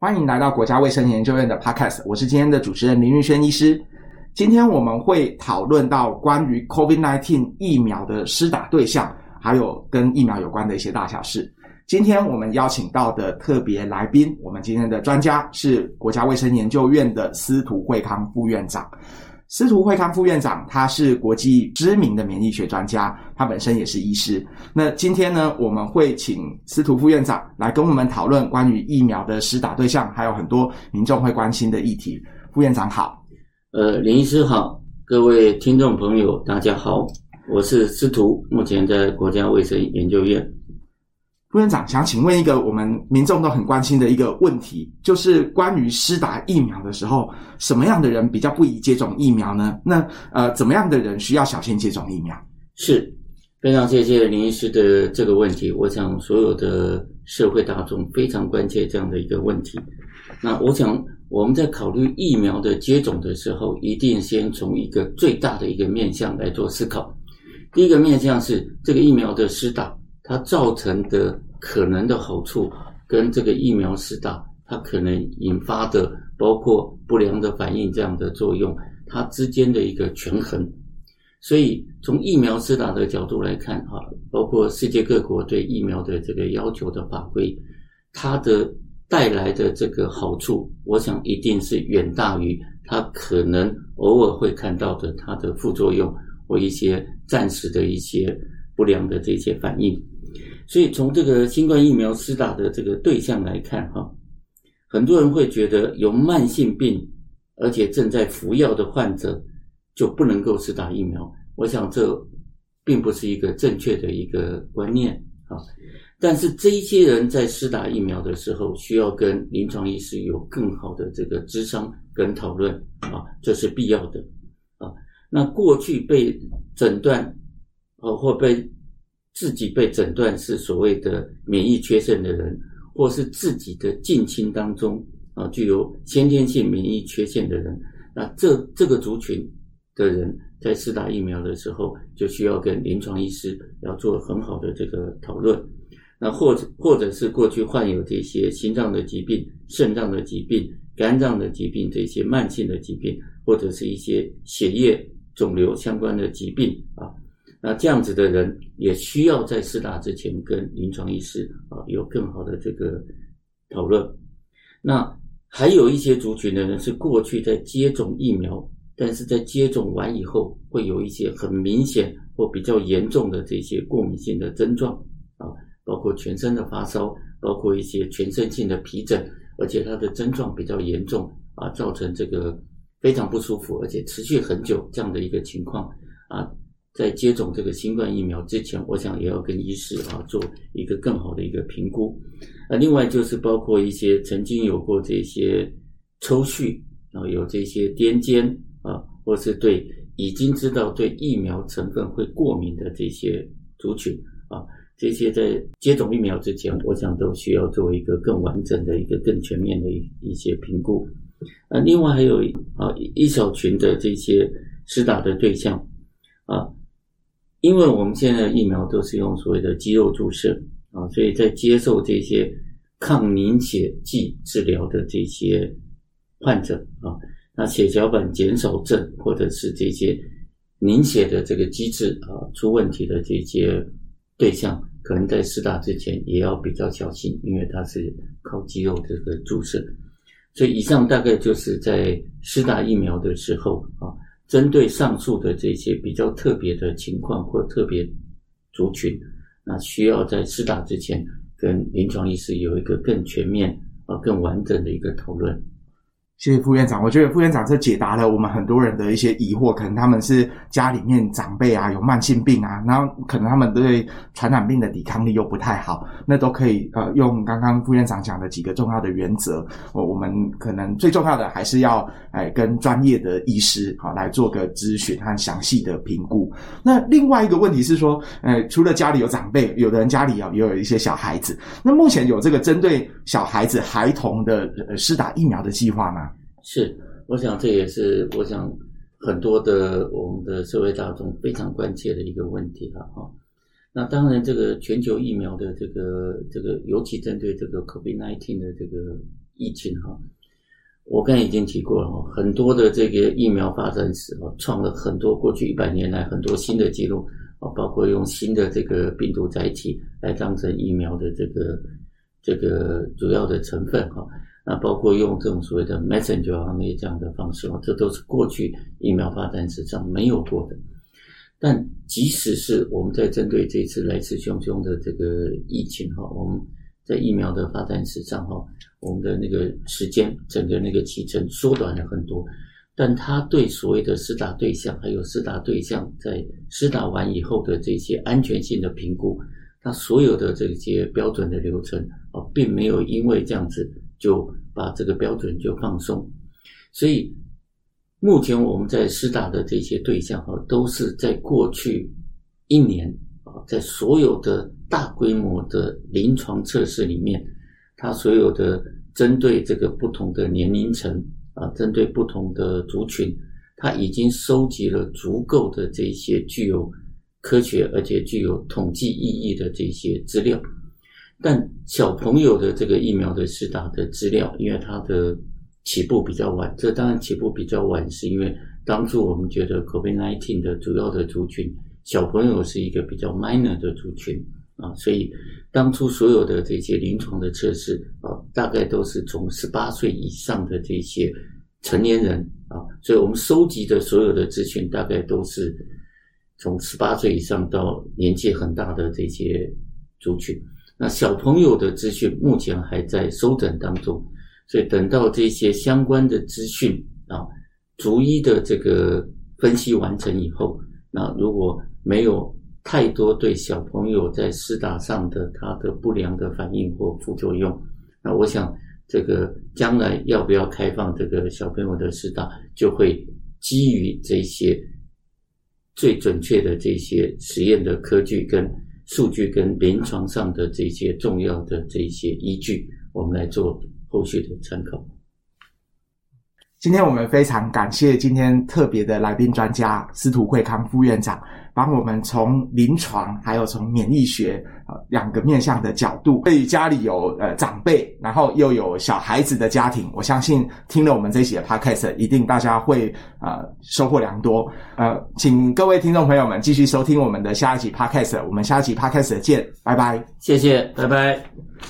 歡迎來到國家衛生研究院的 Podcast，我是今天的主持人林煜軒醫師。今天我們會討論到關於 COVID-19 疫苗的施打對象，還有跟疫苗有關的一些大小事。今天我們邀請到的特別來賓，我們今天的專家是國家衛生研究院的司徒惠康副院長。司徒惠康副院長，他是國際知名的免疫學專家，他本身也是醫師。那今天呢，我們會請司徒副院長來跟我們討論關於疫苗的施打對象，還有很多民眾會關心的議題。副院長好，呃，林醫師好，各位聽眾朋友大家好，我是司徒，目前在國家衛生研究院。副院長，想請問一個我們民眾都很關心的一個問題，就是關於施打疫苗的時候，什麼樣的人比較不宜接種疫苗呢？那呃，怎麼樣的人需要小心接種疫苗？是，非常謝謝林醫師的這個問題。我想所有的社會大眾非常關切這樣的一個問題。那我想我們在考慮疫苗的接種的時候，一定先從一個最大的一個面向來做思考。第一個面向是這個疫苗的施打。它造成的可能的好處，跟這個疫苗施打它可能引發的包括不良的反應這樣的作用，它之間的一個權衡。所以從疫苗施打的角度來看，哈，包括世界各國對疫苗的這個要求的法規，它的帶來的這個好處，我想一定是遠大於它可能偶爾會看到的它的副作用或一些暫時的一些不良的這些反應。所以從這個新冠疫苗施打的這個對象來看，哈，很多人會覺得有慢性病而且正在服藥的患者就不能夠施打疫苗。我想這並不是一個正確的一個觀念啊。但是這一些人在施打疫苗的時候，需要跟臨床醫師有更好的這個磋商跟討論啊，這是必要的啊。那過去被診斷或、啊、或被自己被診斷是所謂的免疫缺陷的人，或是自己的近親當中啊，具有先天性免疫缺陷的人，那這這個族群的人在施打疫苗的時候，就需要跟臨床醫師要做很好的這個討論。那或者或者是過去患有這些心臟的疾病、腎臟的疾病、肝臟的疾病這些慢性的疾病，或者是一些血液腫瘤相關的疾病啊。那這樣子的人也需要在施打之前跟臨床醫師啊有更好的這個討論。那還有一些族群的人是過去在接種疫苗，但是在接種完以後會有一些很明顯或比較嚴重的這些過敏性的症狀啊，包括全身的發燒，包括一些全身性的皮疹，而且它的症狀比較嚴重啊，造成這個非常不舒服，而且持續很久這樣的一個情況啊，在接種這個新冠疫苗之前，我想也要跟醫師啊做一個更好的一個評估。啊，另外就是包括一些曾經有過這些抽搐，啊，有這些癲癇啊，或是對已經知道對疫苗成分會過敏的這些族群啊，這些在接種疫苗之前，我想都需要做一個更完整的一個更全面的一一些評估。啊，另外還有啊一小群的這些施打的對象，啊。因為我們現在的疫苗都是用所謂的肌肉注射啊，所以在接受這些抗凝血劑治療的這些患者啊，那血小板減少症或者是這些凝血的這個機制啊出問題的這些對象，可能在施打之前也要比較小心，因為它是靠肌肉這個注射。所以以上大概就是在施打疫苗的時候啊。針對上述的這些比較特別的情況或特別族群，那需要在施打之前跟臨床醫師有一個更全面、啊更完整的一個討論。謝謝副院長，我覺得副院長這解答了我們很多人的一些疑惑。可能他們是家裡面長輩啊，有慢性病啊，然後可能他們對傳染病的抵抗力又不太好，那都可以呃用剛剛副院長講的幾個重要的原則。我我們可能最重要的還是要哎、呃、跟專業的醫師好、啊、來做個諮詢和詳細的評估。那另外一個問題是說，呃，除了家裡有長輩，有的人家裡也也有一些小孩子，那目前有這個針對小孩子孩童的呃施打疫苗的計劃嗎？是，我想這也是我想很多的我們的社會大眾非常關切的一個問題哈。那當然，這個全球疫苗的這個這個，尤其針對這個 COVID-19 的這個疫情哈，我剛才已經提過了哈。很多的這個疫苗發展史啊，創了很多過去一百年來很多新的記錄啊，包括用新的這個病毒載體來當成疫苗的這個這個主要的成分哈。那包括用這種所謂的 messenger 這樣的方式哦，這都是過去疫苗發展史上沒有過的。但即使是我們在針對這次來勢洶洶的這個疫情哈，我們在疫苗的發展史上哈，我們的那個時間整個那個期程縮短了很多。但它對所謂的施打對象，還有施打對象在施打完以後的這些安全性的評估，它所有的這些標準的流程啊，並沒有因為這樣子。就把這個標準就放鬆，所以目前我們在施打的這些對象啊，都是在過去一年啊，在所有的大規模的臨床測試裡面，它所有的針對這個不同的年齡層啊，針對不同的族群，它已經收集了足夠的這些具有科學而且具有統計意義的這些資料。但小朋友的這個疫苗的施打的資料，因為它的起步比較晚，這當然起步比較晚，是因為當初我們覺得 COVID-19 的主要的族群，小朋友是一個比較 minor 的族群啊，所以當初所有的這些臨床的測試啊，大概都是從十八歲以上的這些成年人啊，所以我們收集的所有的資訊，大概都是從十八歲以上到年紀很大的這些族群。那小朋友的資訊目前還在收整當中，所以等到這些相關的資訊啊，逐一的這個分析完成以後，那如果沒有太多對小朋友在施打上的他的不良的反應或副作用，那我想這個將來要不要開放這個小朋友的施打，就會基於這些最準確的這些實驗的科技跟數據跟臨床上的這些重要的這些依據，我們來做後續的參考。今天我們非常感謝今天特別的來賓專家司徒惠康副院長，幫我們從臨床還有從免疫學、呃、兩個面向的角度，對於家裡有呃長輩，然後又有小孩子的家庭，我相信聽了我們這一集的 podcast，一定大家會呃收穫良多。呃，請各位聽眾朋友們繼續收聽我們的下一集 podcast，我們下一集 podcast 見，拜拜，謝謝，拜拜。